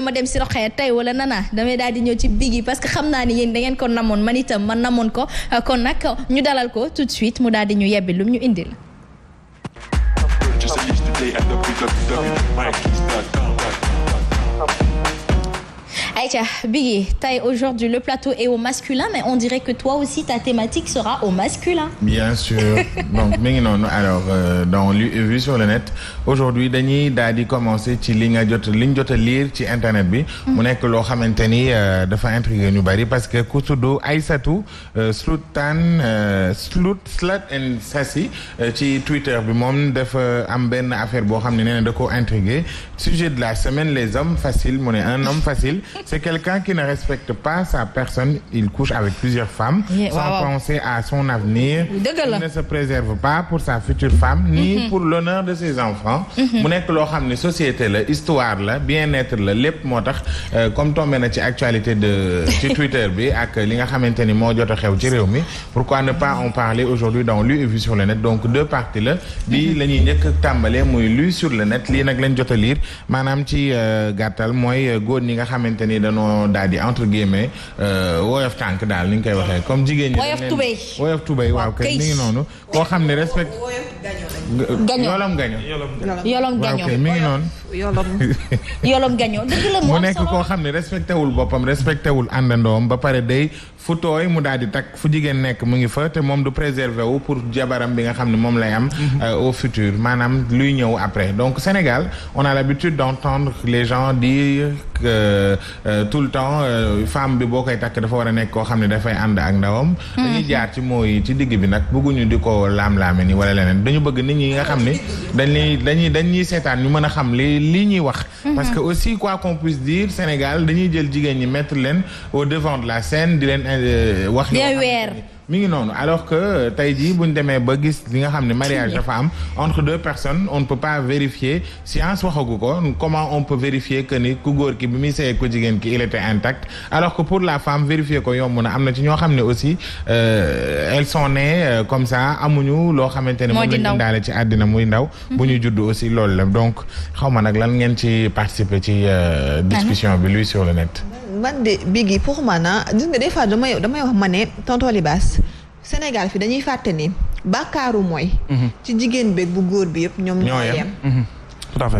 ma dem si roqee tey wala nana damay daal di ci bigi parce que xam naa ni yéen da ngeen ko namoon man itam man namoon ko euh, kon ñu dalal ko tout suite mu daal ñu yebbi lum ñu indil. Aïcha, Biggie, taille aujourd'hui le plateau est au masculin, mais on dirait que toi aussi ta ngi noonu alors euh, donc lu vu sur dañuy daal di commencer ci li nga jot li ñu jot a ci internet bi. Mm. mu nekk loo xamante ni euh, dafa intriguer ñu bari parce que ku tudd Aïssatou euh, Slutan euh, Slut Slut and Sassy ci Twitter bi moom def am benn affaire boo xam ne nee na da koo intriguer sujet de la semaine les hommes faciles mu ne un homme facile. C'est quelqu'un qui ne respecte pas sa personne. Il couche avec plusieurs femmes yeah, sans wow. penser à son avenir. ne se préserve pas pour sa future femme ni mm -hmm. pour l'honneur de ses enfants. Mm-hmm. mu nekk loo xam ne société la histoire la bien-être la lépp moo tax euh, comme tombé na ci actualité de ci Twitter bi ak li nga xamante ni moo jot a xew ci réew mi pourquoi ne pas en parler aujourd'hui dans Lu et Vu sur le net donc deux parties la bi mm-hmm. la ñuy njëkk tàmbalee muy Lu sur le net lii nag lañ jot a maanaam ci euh, gàttal mooy euh, góor ñi nga ñi dañoo daal di entre guillemets euh, woyof tànk daal ni koy waxee comme jigéen ñi woyof tubéy woyof tubéy waaw kay ni noonu koo xam ne respect gañoo yolom gañoo yolom gañoo mi ngi noonu. yolom mu nekk koo xam ne respecté wul boppam respecté wul àndandoom ba pare day fu tooy mu daal di takk fu jigéen nekk mu ngi fa te moom du préserver wu pour jabaram bi nga xam ne moom lay am. Mhm. Euh, au future maanaam luy ñëw après donc Sénégal on a l'habitude d'entendre les gens dire que euh, tout le temps euh, femme bi boo koy takk dafa war a nekk koo xam ne dafay ànd ak ndawam. dañuy mhm. jaar ci mooy ci digg bi nag bëgguñu di ko laam-laame ni wala leneen ñi nga xam ne dañ lay dañuy dañuy seetaan ñu mën a xam li lii ñuy wax mhm. parce que aussi quoi qu'on puisse dire Sénégal dañuy jël jigéen ñi mettre leen au devant la scène di leen euh, wax mi ngi noonu alors que euh, tey jii bu ñu demee ba gis li nga xam ne mariage dafa am entre deux personnes on ne peut pas vérifier science waxagu ko comment on peut vérifier que ni ku góor ki bi muy seeyee ku jigéen ki il était intact alors que pour la femme vérifier ko yomb na am na ci ñoo xam ne aussi euh, elles son nées euh, comme ça amuñu loo xamante ne moom lañ indaale ci àddina muy ndaw mm-hmm. bu ñuy judd aussi loolu la donc xaw ma nag lan ngeen ci participer ci discussion bi luy sur le net man de bigi pour man ah gis nga des fois damay damay wax ma ne tonton Libaas fi dañuy fàtte ni bàkkaaru mooy. Mhm. ci jigéen beeg bu góor bi yëpp ñoom. ñoo yem mhm.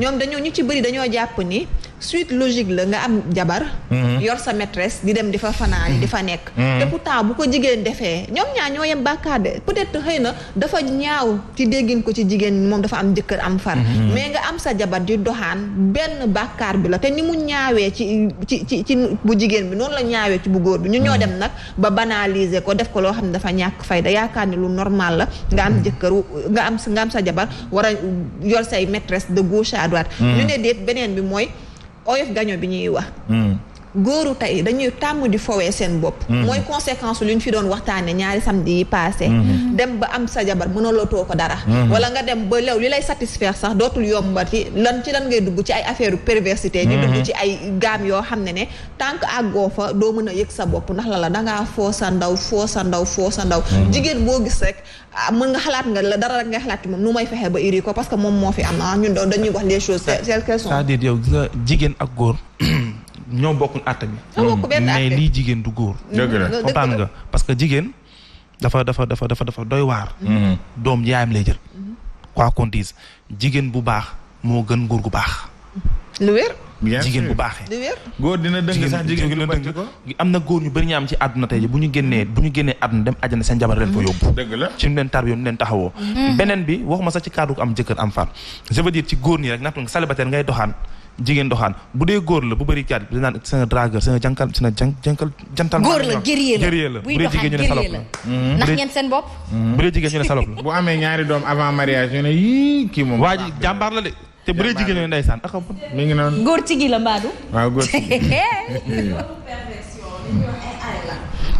ñoom dañoo ñu ci bëri dañoo jàpp ni. suite logique la nga am jabar mhm. yor sa maîtresse di dem di fa fanaani di fa mhm. nekk mhm. te pourtant bu ko jigéen defee ñoom ñaar ñoo yem bàkkaar de être xëy na dafa ñaaw ci déggin ko ci jigéen moom dafa am jëkkër am far mais nga am sa jabar di doxaan benn bàkkaar bi la te ni mu ñaawee ci ci ci ci bu jigéen bi noonu la ñaawee ci bu góor bi ñu ñoo dem nag ba banaliser ko ko loo xam ne dafa ñàkk fayda yaakaar ni lu normal la nga am nga am nga jabar war a yor say maîtresse de gauche à ñu ne déet beneen bi mooy oyof gaño bi ñuy wax hmm. góoru tey dañuy tàmm di fowee seen bopp mhm. mooy conséquence lu ñu fi doon waxtaane ñaari samedi yi passé mhm. dem ba am sa jabar mënalotoo ko dara mhm. wala nga dem ba lew li lay satisfaire sax dootul yombati lan ci lan ngay dugg ci ay affaire perversité di dugg ci ay gaam yoo xam ne ne tant que àggoo doo mën a yëg sa bopp ndax la la dangaa foo sa ndaw foo sa ndaw foo sa ndaw jigéen boo gis rek ah, mën xalaat nga la dara rek nga xalaat ci moom nu may fexe ba iri ko parce que moom moo fi am na ah, ñun dañuy wax les choses telles qu'elles sont cest jigéen ak góor ñoo bokkul àtt bi. mais lii jigéen du góor. dëgg nga parce que jigéen dafa dafa dafa dafa dafa doy waar. Mm-hmm. doom yaayam lay jël. Mm-hmm. quoi qu'on dise jigéen bu baax moo gën góor gu baax. lu wér. jigéen bu baaxee. lu wér góor dina dëng sax am na góor ñu bëri ñu am ci àdduna tey ji bu ñu génnee bu ñu génnee àdduna dem àjjana seen jabar leen fa mm-hmm. yóbbu. la ci ñu leen tarbiyo ñu leen taxawoo. beneen bi waxuma sax ci cadre am jëkkër am far je ci góor ñi rek naka nga célibataire ngay doxaan. jigéen doxaan bu dee góor la bu bari caat bi naan sa dragueur sa jankal sa jankal jantal góor la guerrier la bu dee jigéen ñu ne salope la ndax ngeen seen bopp bu dee jigéen ñu la bu amee ñaari doom avant mariage ñu ne kii moom waa ji te bu dee jigéen ñu ne ndeysaan ngi noonu góor ci la mbaadu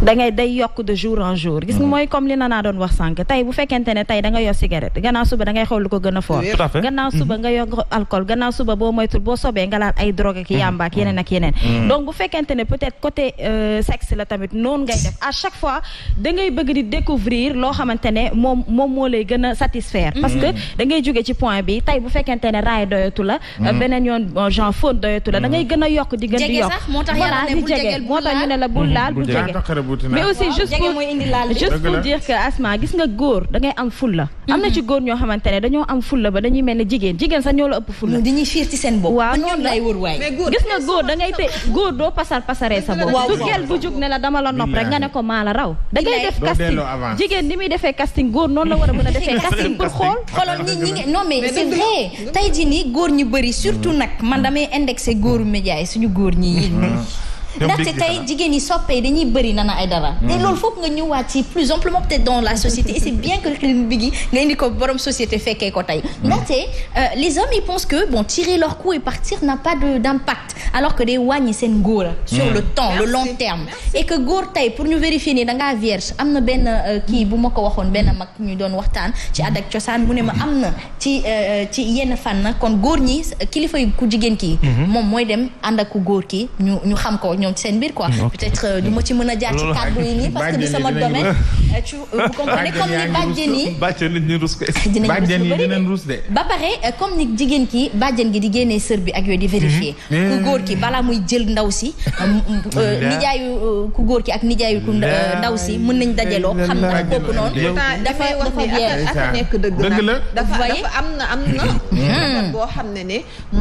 da ngay day yokk de jour en jour. gis mm-hmm. mooy comme li na naa doon wax sànq tey bu fekkente ne tey da nga yor cigarette gannaaw suba da ngay lu ko gën a fort. gannaaw suba mm-hmm. nga yor alcool gannaaw suba boo moytul mm-hmm. ne peut-être côté euh, sexe la tamit noonu ngay fois da ngay bëgg di découvrir loo xamante ne moom moom moo lay gën a satisfaire. parce que da ngay ci point bi tey bu fekkente ne raay doyatu la. beneen yoon euh, genre faute doyatu la. da ngay gën a yokk di gën di yokk. moo tax ñu ne bul laal bul jege butina mais aussi juste pour juste pour dire que Asma gis nga góor da ngay am fulla am na ci góor ñoo xamante ne dañoo am fulla ba dañuy mel ni jigéen jigéen sax ñoo la ëpp fulla dañuy fiir ci seen bopp waaw ñoom lay wër waay gis nga góor da ngay te góor doo pasar bopp du gel bu jug ne la dama la nopp rek nga ne ko maa la raw da ngay def casting jigéen ni muy defee casting góor noon la war a mën a defee casting pour xool xoolal ñi ñi ngi non mais c'est tey jii nii góor ñu bëri surtout mm. nag man damay indexé góoru média yi suñu góor ñi yi ndaxte tey jigéen yi soppe dañuy bëri Nana dara mm-hmm. te loolu foog nga ñëwaat ci plus amplement peut dans la société et c'est bien que Clean Biggi nga indi ko borom société fekkee ko tey mm-hmm. ndaxte euh, les hommes ils pensent que bon tirer leur coup et partir n'a pas d'impact alors que day wàññi seen góor a sur le hmm. temps le long terme et que góor tey pour ñu vérifier nii dangaa vierge am na benn euh, kii bu ma ko waxoon benn mag ñu doon waxtaan ci aada cosaan mu ne ma am na ci euh, ci yenn fànn kon góor ñi kilifa ku jigéen kii hmm. moom mooy dem ànd ak ku góor kii ñu ñu xam ko ñoom seen biir quoi hmm, peut-être euh, ma ci mën a jaar ci kàddu yi nii parce que du sama domaine ba pare comme ni jigéen kii bàjjen gi di génnee sër bi ak yooyu di vérifier ku góor ki balaa muy jël ndaw si euh, nijaayu euh, ku góor ki ak nijaayu ku ndaw si mën nañ dajaloo xam na kooku noonu dafa dafa bien nekk dëgg la dafa am na hmm. am na boo xam ne ne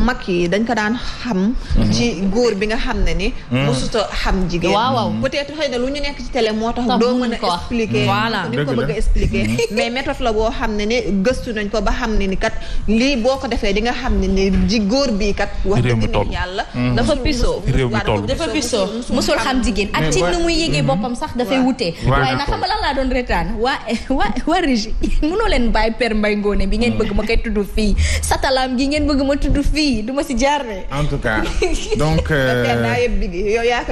mag yi dañ ko daan xam hmm. ci góor bi nga xam ne ne hmm. mosuta xam jigéen waaw waaw peut xëy na lu ñu nekk ci télé moo tax doo mën a expliquer voilà ko bëgg a expliquer mais méthode la boo xam ne ne gëstu nañ ko ba xam ne ni kat lii boo ko defee di nga xam ne ni ji góor bii kat wax dëgg yàlla dafa pisoo réew mi toll dafa pisoo mosul xam jigéen ak ci nu muy yëgee boppam sax dafay wutee waaye na xam nga lan laa doon retaan waa waa waa régi mënoo leen bàyyi per mbay ngoone bi ngeen bëgg ma koy tudd fii satalaam gi ngeen bëgg ma tudd fii du ma si jaar en tout cas donc euh, naa yëpp bigi yow la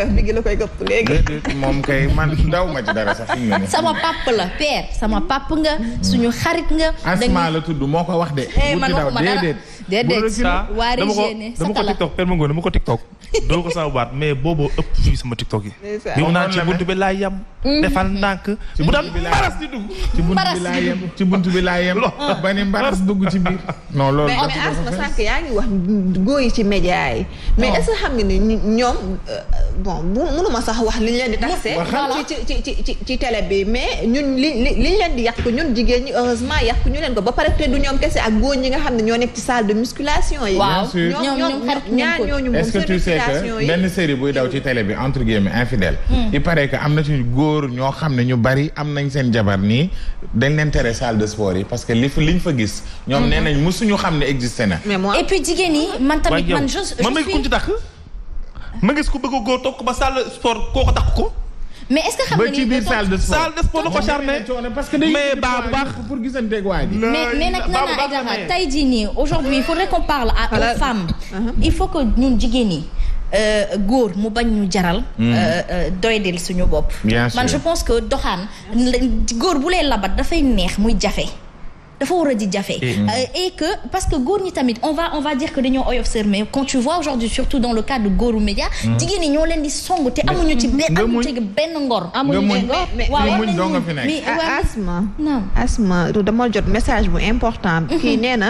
koy gëpp léegi moom kay man daw ma ci dara sax sama pap la père sama pap nga suñu xarit nga asma la tudd moo ko wax de eh, man waxuma dara déedéet waa régi ne satala dama ko tiktok per mbay ngoone dama ko tiktok TikTok. doo ko sama baat mais booboo ëpp fii sama TikTok yi. ñu naan ci buntu bi laa yem. Mm-hmm. defal ndànk. ci buntu bi laa yem ba ni mbaras dugg ci biir. mais mais Asma sànq yaa ngi wax góor ci média mais est xam nga ni ñoom euh, bon bu mënuma sax wax li ñu leen di taxé. ci ci ci ci ci bi mais ñun li li ñu leen di yàq ñun jigéen ñi heureusement yàq ñu leen ko ba pare te du ñoom kese ak góor ñi nga xam ne ñoo nekk ci salle de musculation yi. ñoom ñoom ñaar ñooñu moom que tu sais que benn série buy daw ci télé bi entre guillemets infidèle hmm. il paraît que am na ci góor ñoo xam ne ñu bari am nañ seen jabar nii dañ leen tere salle de sport yi parce que li fa liñ fa gis ñoom hmm. nee nañ musuñu xam ne existé na et puis jigéen ñi man tamit man je ma gis ku ci takk ma ngis ku bëgg a góor toog ko ba salle sport koo ko ko mais est-ce que xam nga ni biir salle de sport salle de sport ko charmé parce que mais baabu baax pour gisanteeg waay bi. mais nag Nana Aidara tey jii nii aujourd'hui il faudrait qu'on parle uh-huh. il faut que ñun jigéen ñi. Euh, góor mu bañ ñu jaral. Hmm. Euh, euh, doydil suñu bopp. man je pense que doxaan góor bu lay labat dafay neex muy jafe. dafa war a di jafe euh, et que parce que góor ñi tamit on va on dire que dañoo oyof sër mais quand tu vois aujourd'hui surtout dans le cas de góoru média hmm. jigéen ñi ñoo leen di song te amuñu ci benn amuñu ci benn ngor amuñu ci ngor waaw muñ doo nga fi nekk ah, asma non asma dama jot message bu important mhm. ki nee na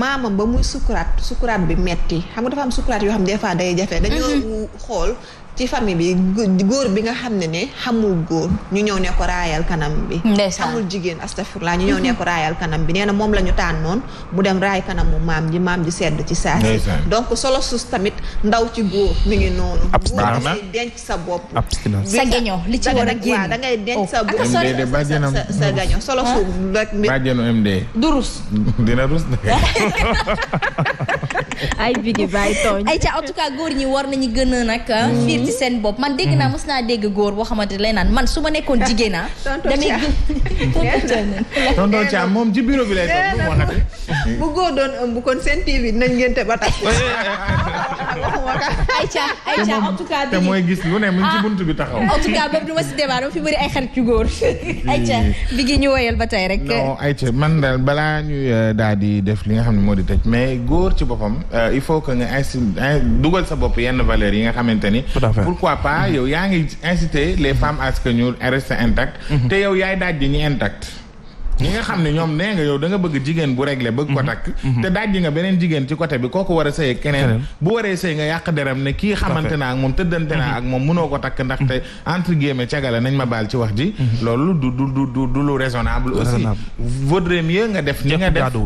maamam ba muy sukuraat sukuraat bi metti xam nga dafa sukuraat yoo xam des fois day jafe mhm. dañoo xool ci famille bi góor bi nga xam ne ne xamul góor ñu ñëw ne ko raayal kanam bi xamul jigéen astafurlaa ñu ñëw mm-hmm. ne ko raayal kanam bi nee na moom la ñu tànnoon mu dem raay kanamu maam ji maam ji sedd ci saa si donc solo sus tamit ndaw ci góor mi ngi noonu góor dafay denc sa bopp sa gaño li ci war a génn da ngay denc sa oh, bopp sa gaño solo su ah. rek mbir durus dina rus ay bigi bàyyi tooñ ay ca en tout góor ñi war nañu gën nag ah, mm. fiir ci seen bopp man dégg naa mos naa dégg góor boo xamante lay naan man su ma nekkoon jigéen ah, naa damay gën tonton Thiam moom ci bureau bi lay toog bu góor doon ëmb kon seen TV nañ ba te ba tax Aïcha Aïcha en tout cas. te mooy gis lu ne mu ngi ci ah. buntu bi taxaw. en tout cas boobu du ma fi bëri ay xarit yu góor. Aïcha bi gi ñu woyal ba tey rek. non man daal balaa ñuy euh, daal di def li nga xam ne moo di tëj mais góor ci boppam euh, il faut que nga inciter dugal sa bopp yenn valeurs yi nga xamante ni. pourquoi pas mm-hmm. yow yaa ngi inciter les femmes à ñu restent intactes. Mm-hmm. te yow yaay daaj di ñu intact ñi nga xam ne ñoom nee yow da bëgg jigéen bu réglé bëgg ko mhm. takk mhm. te dajji nga beneen jigéen ci côté bi kooku war a sëy keneen bu waree sëy nga yàq deram ne kii xamante naa ak moom tëddante naa mhm. ak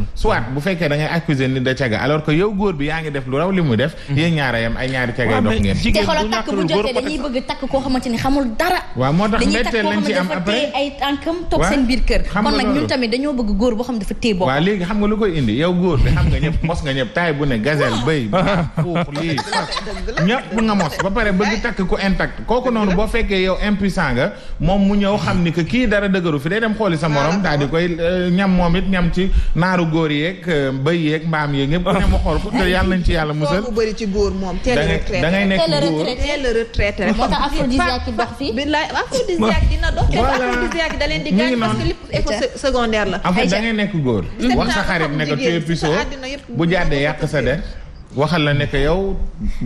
moom da ngay accuser nit da caga alors que bi yaa ngi def lu raw li muy def yéen ñaara yam te xoolal takk bu jotee dañuy bëgg takk koo xamante ni xamul dara waaw moo tax mbetteel lañ ci am après ay tànkam toog seen biir kër kon nag ñun tamit dañoo bëgg góor boo xam dafa téye bopp. léegi xam nga lu koy indi yow góor bi xam nga ñëpp mos nga ñëpp taay bu ne gazelle béy. fuuf nga mos ba pare bëgg takk ku intact kooku noonu boo fekkee yow impuissant nga moom mu ñëw xam ni que kii dara dëgëru fi day dem xooli sa morom ah, daal di koy euh, ñam moom it ñam ci naaru góor yeeg euh, béy yeeg mbaam yeeg ñëpp ku ne ma xool ko yàlla nañ ci yàlla mu sa bëri ci góor moom teel a retraité da nekk góor teel a retraité moo tax da leen di gaañ parce que secondaire la. ay nekk góor. wax sa xarit ne ko tu es bu jàddee yàq sa der. waxal la nekk yow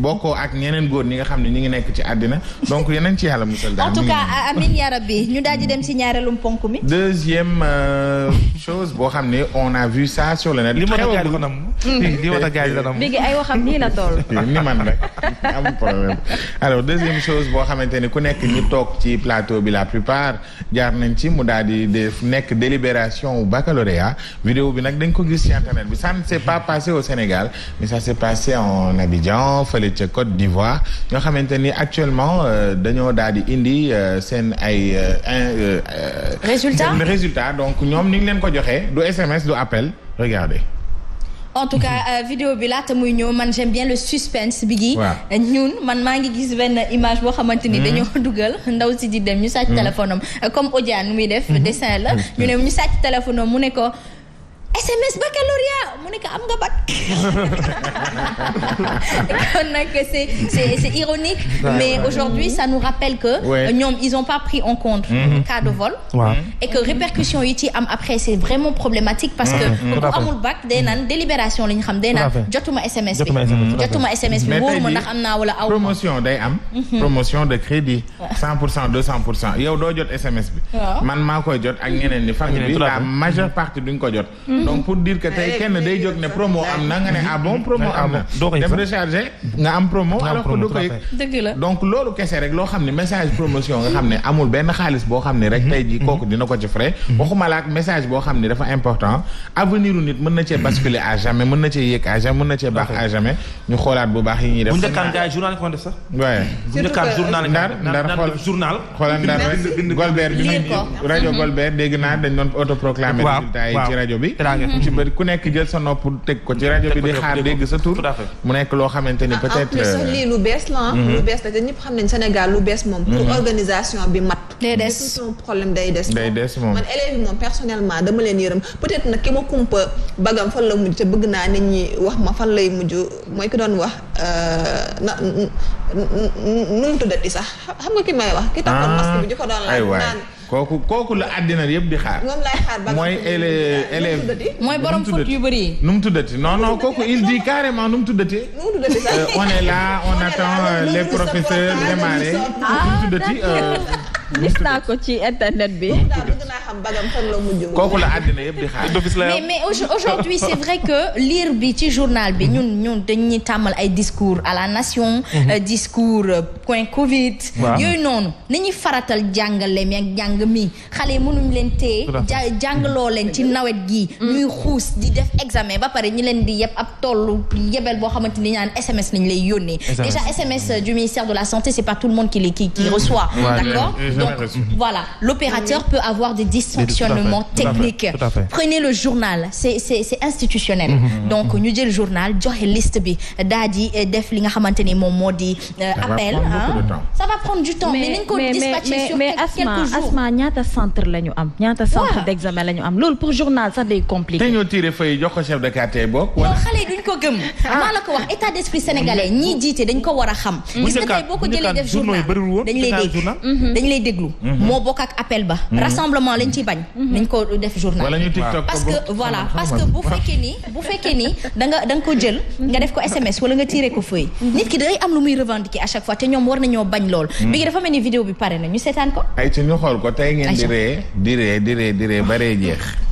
bokkoo ak ñeneen góor ñi nga xam ne ñi ngi nekk ci àddina donc yeneen ci yàlla musal daal en tout cas si ñaareelum ponk mi deuxième euh, chose boo xam ne on a vu ça sur le net li mën a gaaj la nam li mën la nam bi ngi ay waxam nii la toll ni man rek am deuxième chose boo xamante ni ku nekk ñu toog ci plateau bi la plupart jaar nañ ci mu daal di def nekk délibération ou baccalauréat vidéo bi nag dañ ko gis ci internet bi ça ne s'est pas passé au Sénégal mais ça s'est passé passé en Abidjan fële ca Côte d'Ivoire ñoo xamante ni actuellement euh, dañoo daal di indi euh, seen ay euh, résultat résultat donc ñoom ni leen ko joxee du SMS du appel regardez en tout cas vidéo bi laata muy ñëw man j'aime bien le suspense bi gi ñun ouais. man maa ngi gis benn image boo xamante ni hmm. dañoo duggal ndaw si di dem ñu sàcc hmm. téléphone am comme Odiane muy def hmm. dessin la ñu ne ñu sàcc téléphone mu ne SMS baccalauréat mu ne ko am nga bac kon nag c'est c'est c'est ironique mais aujourd'hui ça nous rappelle que euh, ñoom ils ont pas pris en compte mm-hmm. cas vol et que répercussion yi ci am après c'est vraiment problématique parce que ku mm-hmm. mm-hmm. amul bac day naan délibération la ñu xam day naan jotuma SMS bi jotuma SMS bi wóoruma ndax am naa wala aw promotion de crédit cent pour cent deux cent pour cent yow doo jot SMS bi man maa koy jot ak ñeneen ni famille majeure partie duñ ko jot donc pour dire que tey kenn day jóg ne promo am na nga ne ah bon promo am na ah dem recharger nga am promo alors donc loolu kese rek loo xam ne message promotion nga xam ne amul benn xaalis boo xam ne rek mhm. tey ji mhm. kooku dina ko ci frais mhm. waxuma la ak message boo xam ne dafa important avenir u nit mën na cee basculer à jamais mën na cee yéeg à jamais mën na cee baax à jamais ñu xoolaat bu baax yi ñuy def bu njëkkaan ko sax waaye bu njëkkaan journal ndar ndar xool journal xoolal ndar Golbert bi rajo Golbert dégg naa dañ doon autoproclamer résultat rajo bi kaaraange ku mhm. ku nekk jël sa nopp teg ko ci rajo bi di xaar dégg sa tur mu nekk loo xamante ni peut être sax euh, lii lu bees la mhm. lu bees la te ñëpp xam nañ Sénégal lu bees moom pour mhm. organisation bi mat day des son day des day des moom man élèves moom personnellement dama leen yërëm peut être nag ki ma kumpa bagam fan la mujj ca bëgg naa nit ñi wax ma fan lay mujj mooy ki doon wax euh, na nu mu tuddati sax xam nga ki may wax ki taxoon ah, masque bi di ko doon laaj naan kooku kooku la àddina yëpp di xaar. moom laay xaar mooy élève mooy borom faute yu bëri yi. nu mu tuddati non non kooku il dit carrément nu mu tuddati. Euh, on est là on attend euh, les professeurs démarrer nu mu tuddati. Ah, gis ko ci internet bi. kooku la àddina yëpp di xaar. mais mais aujourd'hui c'est vrai que lire bi ci journal bi ñun ñun dañuy tàmmal ay discours à la nation. Mhm. Euh, discours euh, point Covid. yooyu noonu nañuy faratal jàngale mi ak jàng mi xale yi mënuñ leen téye. jàngaloo leen ci nawet gi. Mhm. ñuy xuus di def examen ba pare ñu leen di yeb ab tollu yebel boo xamante ni ñaan SMS lañ lay yónnee. déjà SMS du ministère de la santé c'est pas tout le monde qui les qui reçoit. d'accord donc voilà l'opérateur peut avoir des dysfonctionnements techniques prenez le journal c'est c'est c'est institutionnel mhm. donc ñu jël journal joxe liste bi daa di eh, def li nga xamante ni moom moo di eh, appel ça va prendre du temps mais nañ ko dispatcher sur quelques centre la ñu am ñaata centre d'examen la ñu am loolu pour journal sax day compliqué dañoo tiré fay jox ko chef de quartier bokk wala xale yi duñ ko gëm ah. maa la ko wax état d'esprit sénégalais ñii jiite dañ ko war a xam gis nga déglu. Mhm. moo bokk ak appel ba. Mhm. rassemblement lañ ci bañ. Mhm. nañ ko def journal. parce que voilà parce que bu fekkee ni bu fekkee ko jël. nga def ko SMS wala nga tiiree ko feuille. nit ki day am lu muy revendiquer à chaque fois te ñoom war nañoo bañ lool. bi dafa mel ni vidéo bi pare na ñu seetaan ko. ay ci ñu xool ko tey ngeen di ree di ree di ree baree jeex.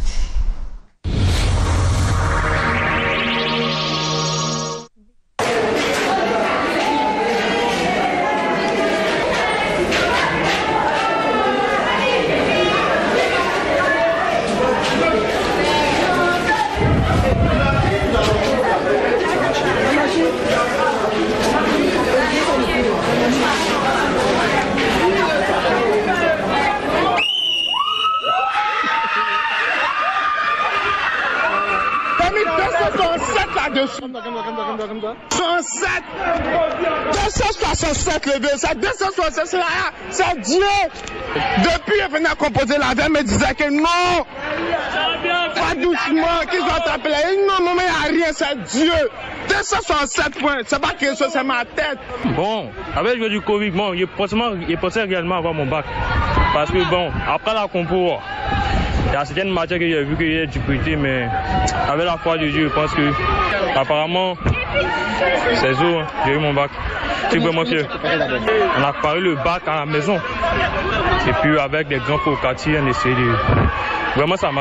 107 267 levés, ça 267 là, c'est Dieu. Depuis il venait à composer la veille, me disait que non, pas doucement, qu'ils ont appelé. Non, maman, il a rien, c'est Dieu. 267 points, c'est pas quelque chose, c'est ma tête. Bon, avec le du Covid, bon, je pensais, je pensais réellement avoir mon bac. Parce que bon, après la compo, il y a certaines matières que j'ai vu que j'ai difficulté, mais avec la foi de Dieu, je pense que apparemment, C'est jour, hein. j'ai eu mon bac. Tu peux On a parlé le bac à la maison. Et puis avec des grands au quartier, on de. Vraiment, ça a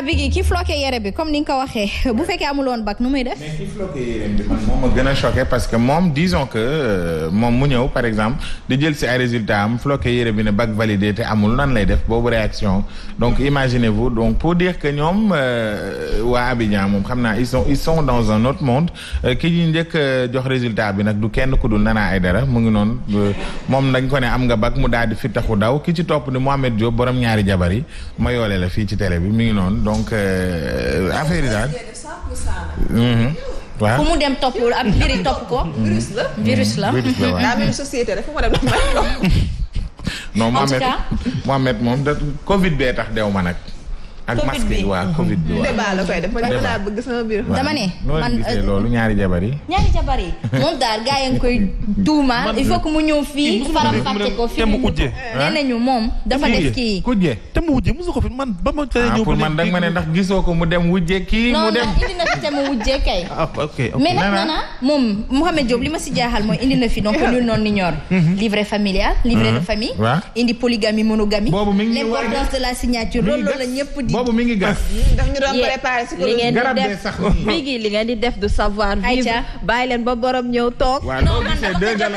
déjà bigi ki floqué yere bi comme ni nga ko waxee bu fekkee amul woon bac nu muy def. mais ki floqué yére bi gën a choqué parce que moom disons que euh, moom mu ñëw par exemple di jël si ay résultats am floqué yére bi ne bac validé te amul nan lay def boobu réaction donc imaginez-vous donc pour dire que ñoom euh, waa Abidjan moom xam naa ils sont ils sont dans un autre monde euh, njëkk jox résultat bi nag du kenn ku dul Nana Aidara mu ngi noonu moom dañ ko ne am nga bac mu daal di fi taxu daw ki ci topp ni amee Diop borom ñaari jabar yi ma yoole la fii ci tele bi mi ngi noonu. donc euh, affaire yi daal. Mhm. waaw mu dem topp ab mbiri mhm. topp ko. Mhm. virus la virus société rek fu ma dem non moom Covid bee dew ma nag. ak masque waa Covid bi waaw débat la koy def man laa bëgg sama biir. dama ne man euh, loolu ñaari jabar yi. ñaari jabar yi moom daal gaa yi nga koy tuumaal il faut que mu ñëw fii faram fàcce ko fi mu ujje nee nañu moom dafa def kii kujje te mu wujje mosu ko fi man ba ma tey ah, ñëw ma ne ndax gisoo ko mu dem wujje kii mu dem indi na fi te mu wujje kay ah, mais nag nana moom Mouhamed Diop li ma si jaaxal mooy indi na fi donc nul n'en ignore livret familial livret de mm-hmm. famille indi polygamie monogamie l'importance de la signature loolu la ñëpp di boobu mi ngi gas. ndax ñu doon préparé de sax léegi li ngeen di def du savoir vivre bàyyi leen ba borom ñëw toog. waaw non man dafa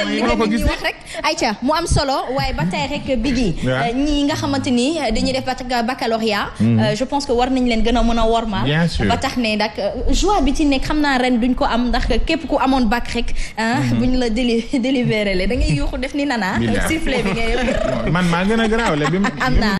mu am solo waaye ba tey rek bigi euh, ñi nga xamante ni euh, dañuy def baccalauréat hmm. euh, je pense que war nañ leen gën a mën a wor ma ba tax ne nag joie bi ci nekk xam naa ren duñ ko am ndax képp ku amoon bac rek. Hmm. buñ la déli délibéré da ngay yuuxu def ni nana sifflet bi ngay. man maa gën a garaaw bi am naa